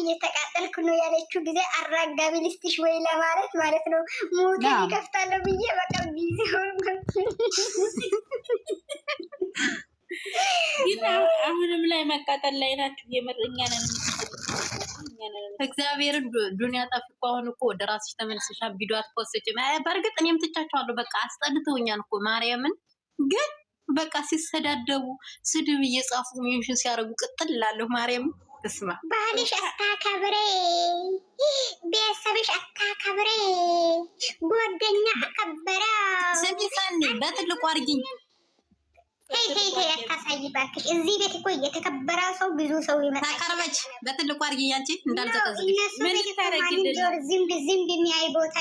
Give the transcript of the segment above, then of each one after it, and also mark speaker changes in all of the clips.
Speaker 1: እየተቃጠልኩ ነው ያለችው ጊዜ አራጋቢ ልስትሽ ወይ ለማለት ማለት ነው። ሞቴ ይከፍታለሁ ብዬ በቃ ቢዚ ሆንኩ።
Speaker 2: ግን አሁንም ላይ መቃጠል ላይ ናቸው። የምር እኛ ነን እግዚአብሔርን ዱኒያ ጠፊ እኮ አሁን እኮ ወደ ራስሽ ተመልሰሻ ቪዲዮ አትፖስትም። በእርግጥ እኔም ትቻቸዋለሁ። በቃ አስጠልተውኛል እኮ ማርያምን ግን በቃ ሲሰዳደቡ ስድብ እየጻፉ ሚሽን ሲያደርጉ ቅጥል እላለሁ ማርያምን እስማ
Speaker 1: ባህልሽ አታከብሬ፣ ቤተሰብሽ አታከብሬ፣ ጓደኛ አከበረ።
Speaker 2: ስሚ ሰኒ በትልቁ አርጊኝ
Speaker 1: አታሳይ እዚህ ቤት እኮ የተከበረ ሰው ብዙ ሰው
Speaker 2: ይመጣል። ታቀርበች በትልቁ አድርጊ አንቺ
Speaker 1: ዝንብ የሚያይ ቦታ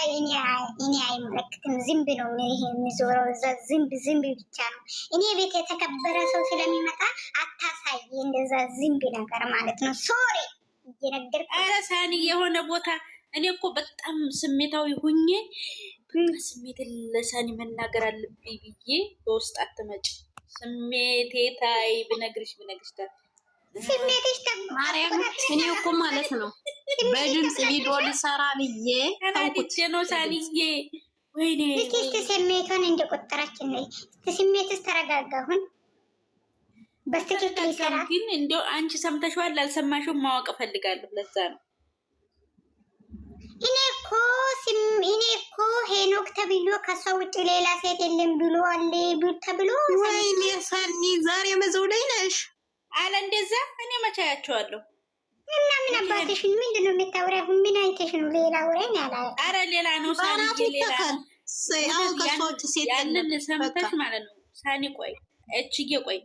Speaker 1: እኔ አይመለክትም። ዝንብ ነው ይሄ የሚዞረው እዛ ዝንብ ዝንብ ብቻ ነው። እኔ ቤት የተከበረ ሰው ስለሚመጣ አታሳይ እንደዛ ዝንብ ነገር ማለት ነው። ሶሪ
Speaker 2: ሳኒ የሆነ ቦታ እኔ እኮ በጣም ስሜታዊ ሁኜ ስሜትን ለሳኒ መናገር አለብኝ ብዬ በውስጥ አትመጭ ስሜቴ ታይ ብነግርሽ ብነግርሽ ማርያም እኔ እኮ ማለት ነው በድምፅ ቪዲዮ ልሰራ ብዬ ታውቁት ነው ሳልዬ
Speaker 1: ወይኔ እስቲ ስሜቷን እንደቆጠራችን ነው እስቲ ስሜትስ ተረጋጋሁን በስተክክል ይሰራ
Speaker 2: ግን እንደው አንቺ ሰምተሽዋል አልሰማሽውም ማወቅ እፈልጋለሁ ለዛ ነው
Speaker 1: እኮ ስም እኔ እኮ ሄኖክ ተብሎ ከሷ ውጭ ሌላ ሴት የለም ብሎ አለ ተብሎ
Speaker 2: ወይኔ ሳኒ ዛሬ መዘው ላይ ነሽ አለ እንደዛ እኔ መቻያቸዋለሁ
Speaker 1: እና ምን አባትሽ ምንድን ነው የምታወሪው? ምን አይተሽ ነው? ሌላ ወሬ ያላ
Speaker 2: አረ ሌላ ነው ሳኒ ሌላ ያንን ሰምተሽ ማለት ነው ሳኒ ቆይ እችጌ ቆይ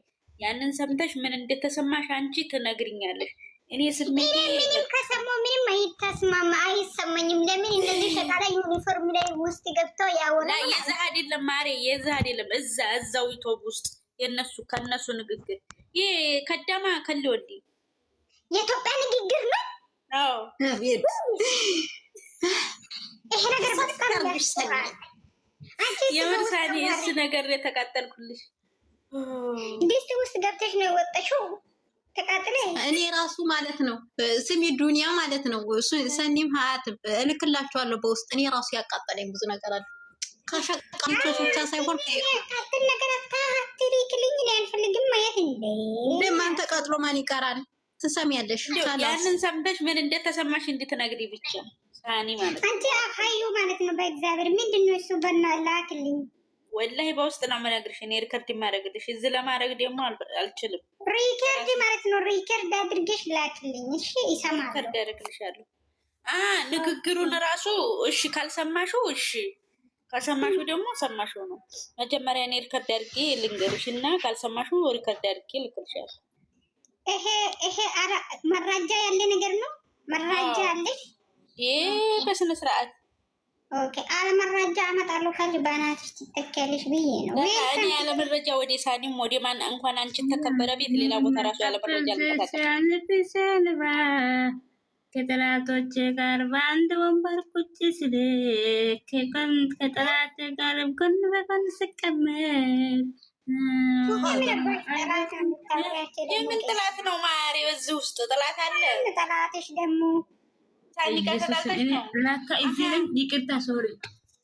Speaker 2: ያንን ሰምተሽ ምን እንደተሰማሽ አንቺ ትነግሪኛለሽ።
Speaker 1: እኔ ስሜት ምንም ከሰማሁ ምንም አይታስማማ አይሰማኝም። ለምን እንደዚህ ተቃላይ ዩኒፎርም ላይ ውስጥ ገብተው ያወራል?
Speaker 2: የዛ አይደለም ማሬ፣ የዛ አይደለም እዛ እዛው ዩቱብ ውስጥ የነሱ ከነሱ ንግግር ይሄ ከዳማ ከልወዲ
Speaker 1: የኢትዮጵያ ንግግር ነው።
Speaker 2: አዎ ይሄ
Speaker 1: ነገር በጣም
Speaker 2: የምርሳኔ እሱ ነገር የተቃጠልኩልሽ
Speaker 1: ድስት ውስጥ ገብተሽ ነው የወጣሽው።
Speaker 2: እኔ ራሱ ማለት ነው ስሚ ዱኒያ ማለት ነው ሰኒም ሀያት እልክላቸዋለሁ በውስጥ እኔ ራሱ ያቃጠለኝ ብዙ ነገር አለ። ከሸቃሚቶች ብቻ ሳይሆን ማን ተቃጥሎ ማን ይቀራል? ትሰሚያለሽ። ያንን ሰምተሽ ምን እንደተሰማሽ እንድትነግሪ ብቻ ሳኒ ማለት
Speaker 1: አንቺ ሀዩ ማለት ነው። በእግዚአብሔር ምንድን ነው እሱ በና ላክልኝ
Speaker 2: ወላሂ በውስጥ ነው የምነግርሽ። እኔ ሪከርድ የማደርግልሽ እዚህ ለማድረግ ደግሞ አልችልም።
Speaker 1: ሪከርድ ማለት ነው። ሪከርድ አድርገሽ ላክልኝ። እሺ፣ ይሰማል። ሪከርድ ያደርግልሻለሁ።
Speaker 2: ንግግሩን ራሱ እሺ፣ ካልሰማሽው እሺ፣ ካልሰማሽው ደግሞ ሰማሽው ነው። መጀመሪያ እኔ ሪከርድ አድርጌ ልንገርሽ እና ካልሰማሽው ሪከርድ አድርጌ ልክልሻለሁ።
Speaker 1: ይሄ ይሄ መራጃ ያለ ነገር ነው። መራጃ አለሽ
Speaker 2: ይህ በስነስርዓት
Speaker 1: ኦኬ አለመረጃ አመጣለሁ ካልሽ በእናትሽ ትተኪያለሽ ብዬ
Speaker 2: ነው። እኔ ያለመረጃ ወደ ሳኒም ወደ ማን እንኳን አንቺን ተከበረ ቤት ሌላ ቦታ ራሱ ያለመረጃ ልቀሳልባ ጋር በአንድ ወንበር ቁጭ ስል ከጠላት ጋር ጎን በጎን ስቀመጥ የምን ጥላት ነው ማሪ? በዚህ ውስጥ ጥላት አለ።
Speaker 1: ጥላትሽ ደግሞ
Speaker 2: ይቅርታ ሶሪ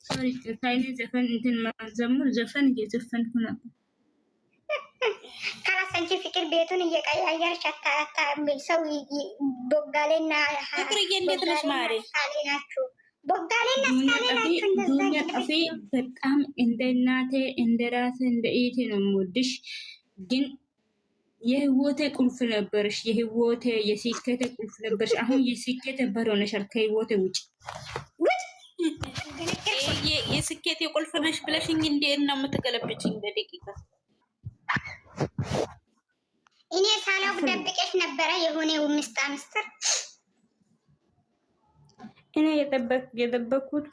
Speaker 2: ሶሪ ይቅርታ። እኔ ዘፈን እንትን መዘሙር ዘፈን እየዘፈንኩ
Speaker 1: አንቺ ፍቅር ቤቱን እየቀያየርሽ ሰው ቦጋሌና
Speaker 2: ፍቅርዬ እንዴት ነሽ በጣም እንደ እናቴ እንደ ራሴ እንደ ኢቴ ነው የምወድሽ ግን የህይወቴ ቁልፍ ነበርሽ፣ የህይወቴ የስኬቴ ቁልፍ ነበርሽ። አሁን የስኬቴ በር ሆነሻል። ከህይወቴ ውጭ የስኬቴ ቁልፍ ነሽ ብለሽኝ እንዴት ነው የምትገለብችኝ? በደቂቃ
Speaker 1: እኔ ሳላውቅ ደብቄሽ ነበረ የሆነ ምስጣ ምስጥር።
Speaker 2: እኔ የጠበኩት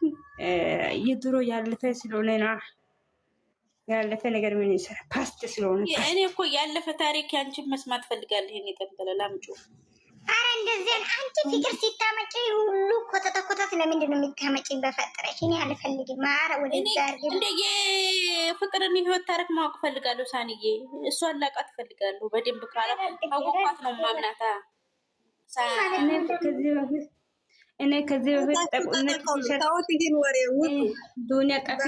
Speaker 2: የድሮ ያለፈ ስለሆነ ነው። ያለፈ ነገር ምን ይሰራ? ፓስት ስለሆነ እኔ እኮ ያለፈ ታሪክ ያንቺን መስማት ፈልጋለሁ። ይሄን የጠበለ ላምጩ
Speaker 1: አረ እንደዚህ አንቺ ፍቅር ሲታመጪ ሁሉ ኮተታ ኮተት ለምንድን ነው የሚታመጪ? በፈጠረሽ እኔ አልፈልግም። ማረ ወደዛ
Speaker 2: እንደ የፍቅርን ህይወት ታሪክ ማወቅ ፈልጋለሁ። ሳንዬ እሷ አላቃት ፈልጋለሁ በደንብ ካላ አወቋት ነው ማምናታ ከዚህ በፊት እኔ ከዚህ በፊት ጠቁነት ዱንያ ጠፊ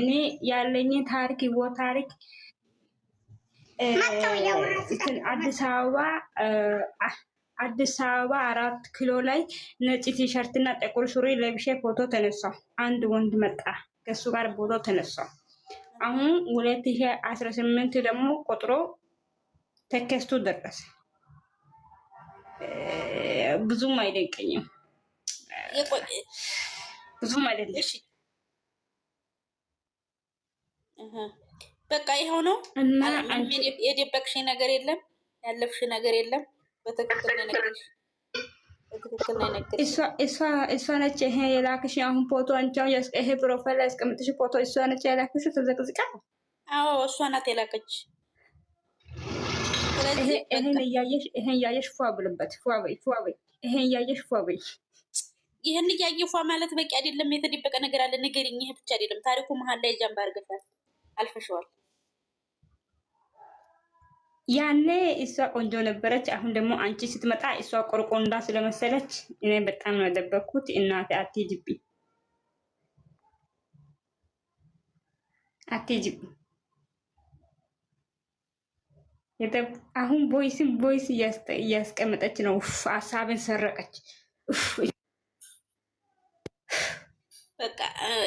Speaker 2: እኔ ያለኝ ታሪክ ይቦ ታሪክ አዲስ አበባ አዲስ አበባ አራት ኪሎ ላይ ነጭ ቲሸርት ቲሸርትና ጥቁር ሱሪ ለብሼ ፎቶ ተነሳው። አንድ ወንድ መጣ፣ ከሱ ጋር ፎቶ ተነሳው። አሁን ሁለት ሺ አስራ ስምንት ደግሞ ቆጥሮ ተከስቶ ደረሰ። ብዙም አይደንቀኝም። ብዙም አይደለም። በቃ ይኸው ነው። የደበቅሽ ነገር የለም፣ ያለፍሽ ነገር የለም። በትክክል ነው እሷ ነች ይሄ የላክሽ። አሁን ፎቶ አንቻው ይሄ ፕሮፋይል ላይ ያስቀምጥሽ ፎቶ እሷ ነች የላክሽ። ተዘቅዝቃ። አዎ እሷ ናት የላከች። ይሄን እያየሽ ፏ ብልበት፣ ፏ በይ፣ ፏ በይ። ይሄን እያየሽ ፏ በይ ይህን እያየ ፏ ማለት በቂ አይደለም። የተደበቀ ነገር አለ፣ ንገሪኝ። ይህ ብቻ አይደለም ታሪኩ መሀል ላይ ጃምባ አርገሻል፣ አልፈሸዋል። ያኔ እሷ ቆንጆ ነበረች። አሁን ደግሞ አንቺ ስትመጣ እሷ ቆርቆንዳ ስለመሰለች እኔ በጣም ነው ያደበኩት። እናቴ አትጅቢ፣ አትጅቢ። አሁን ቦይስን ቦይስ እያስቀመጠች ነው። ሀሳብን ሰረቀች። በቃ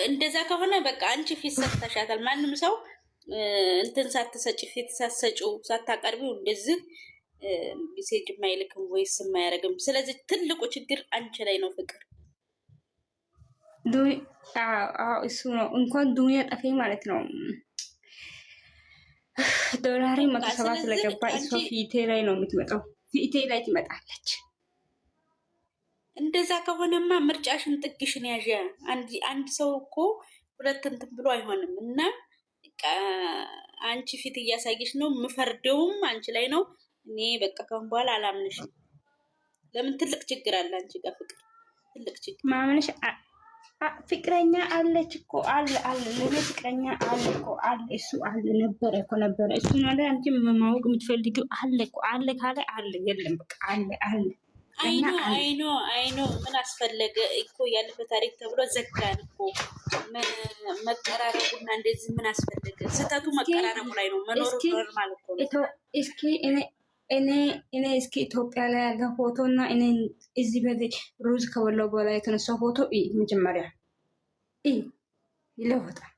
Speaker 2: እንደዛ ከሆነ በቃ አንቺ ፊት ሰጥተሻታል። ማንም ሰው እንትን ሳትሰጭ ፊት ሳትሰጪው ሳታቀርቢው እንደዚህ ሚሴጅ የማይልክም ወይስ የማያደርግም። ስለዚህ ትልቁ ችግር አንቺ ላይ ነው ፍቅር እሱ ነው። እንኳን ዱኒያ ጠፌ ማለት ነው። ዶላሬ መቶ ሰባ ስለገባ እሷ ፊቴ ላይ ነው የምትመጣው። ፊቴ ላይ ትመጣለች። እንደዛ ከሆነማ ምርጫሽን ጥግሽን ያዥ። አንድ ሰው እኮ ሁለት እንትን ብሎ አይሆንም። እና አንቺ ፊት እያሳየሽ ነው፣ ምፈርደውም አንቺ ላይ ነው። እኔ በቃ ከሁን በኋላ አላምንሽም። ለምን ትልቅ ችግር አለ አንቺ ጋር ፍቅር፣ ትልቅ ችግር ማምንሽ። ፍቅረኛ አለች እኮ አለ አለ ለኔ ፍቅረኛ አለ እኮ አለ እሱ አለ ነበረ እኮ ነበረ እሱ ማለት አንቺ ማወቅ የምትፈልጊው አለ እኮ አለ ካለ አለ የለም በቃ አለ አለ አይኖ አይኖ አይኖ ምን አስፈለገ እኮ ያለፈ ታሪክ ተብሎ ዘጋን እኮ መቀራረቡና እንደዚህ ምን አስፈለገ? ስህተቱ መቀራረቡ ላይ ነው። መኖሩ ኖርማል እኮ ነው። እስኪ እኔ እኔ እስኪ ኢትዮጵያ ላይ ያለ ፎቶ እና እኔ እዚህ በዚህ ሩዝ ከበላው በኋላ የተነሳው ፎቶ መጀመሪያ ይለወጣል።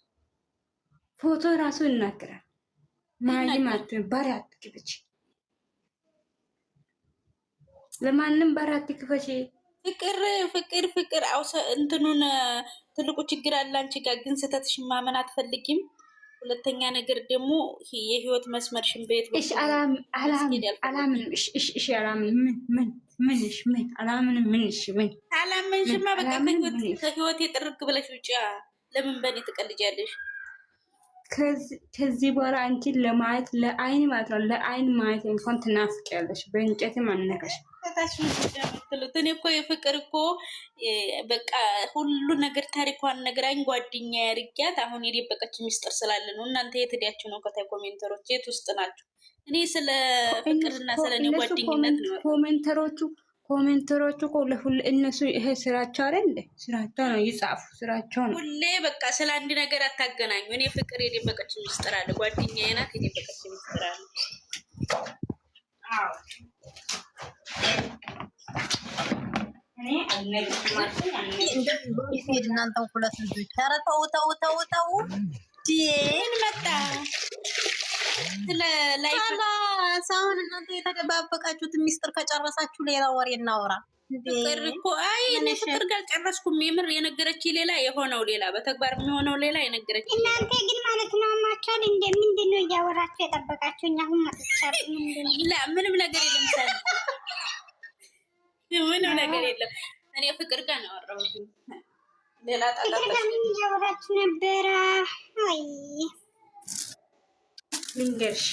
Speaker 2: ፎቶ ራሱ ይናገራል። ማይ ማት ባሪ አትግብች ለማንም በራት ክፈሽ። ፍቅር ፍቅር ፍቅር አውሰ እንትኑን ትልቁ ችግር አለ አንቺ ጋር ግን ስህተትሽ ማመን አትፈልጊም። ሁለተኛ ነገር ደግሞ የህይወት መስመር ሽንቤት አላምንም። አላምንም። አላምንም። ምንሽ ምን አላምንሽማ። በቃ ከህይወት የጥርግ ብለሽ ለምን በእኔ ትቀልጃለሽ? ከዚህ በኋላ አንቺን ለማየት ለአይን ማለት ነው ለአይን ማየት እንኳን ትናፍቂያለሽ። በእንጨትም አነካሽ ከታችሁ የምትሉት እኔ እኮ የፍቅር እኮ በቃ ሁሉ ነገር ታሪኳን ነግራኝ ጓደኛ ያርጊያት አሁን የደበቀች ሚስጥር ስላለ ነው። እናንተ የት ሄዳችሁ ነው? ከታይ ኮሜንተሮች የት ውስጥ ናችሁ? እኔ ስለ ፍቅርና ስለ እኔ ጓደኝነት ነው ኮሜንተሮቹ ኮሜንተሮቹ እኮ ለሁሉ እነሱ ይሄ ስራቸው አይደል? ስራቸው ነው፣ ይጻፉ ስራቸው ነው። ሁሌ በቃ ስለ አንድ ነገር አታገናኙ። እኔ ፍቅር የደበቀች ሚስጥር አለ፣ ጓደኛዬ ናት የደበቀች ሚስጥር አለ። እናንተ ሁለት ልጆች፣ ኧረ ተው ተው ተው ተው። ምን መጣ? አሁን እናንተ የተደባበቃችሁት ሚስጥር ከጨረሳችሁ ሌላ ወሬ እናወራ። ፍቅር እኮ አይ እኔ ፍቅር ጋር ጨረስኩም። የምር የነገረች ሌላ፣ የሆነው ሌላ፣ በተግባር የሚሆነው ሌላ የነገረች።
Speaker 1: እናንተ ግን ማለት ነው አማቸዋል። እንደ ምንድን ነው እያወራችሁ የጠበቃችሁ? እኛ ሁን
Speaker 2: ምንም ነገር የለም ምንም ነገር የለም። እኔ ፍቅር ጋር ነው ያወራሁት።
Speaker 1: ሌላ ጣጣ ነበረ ልንገርሽ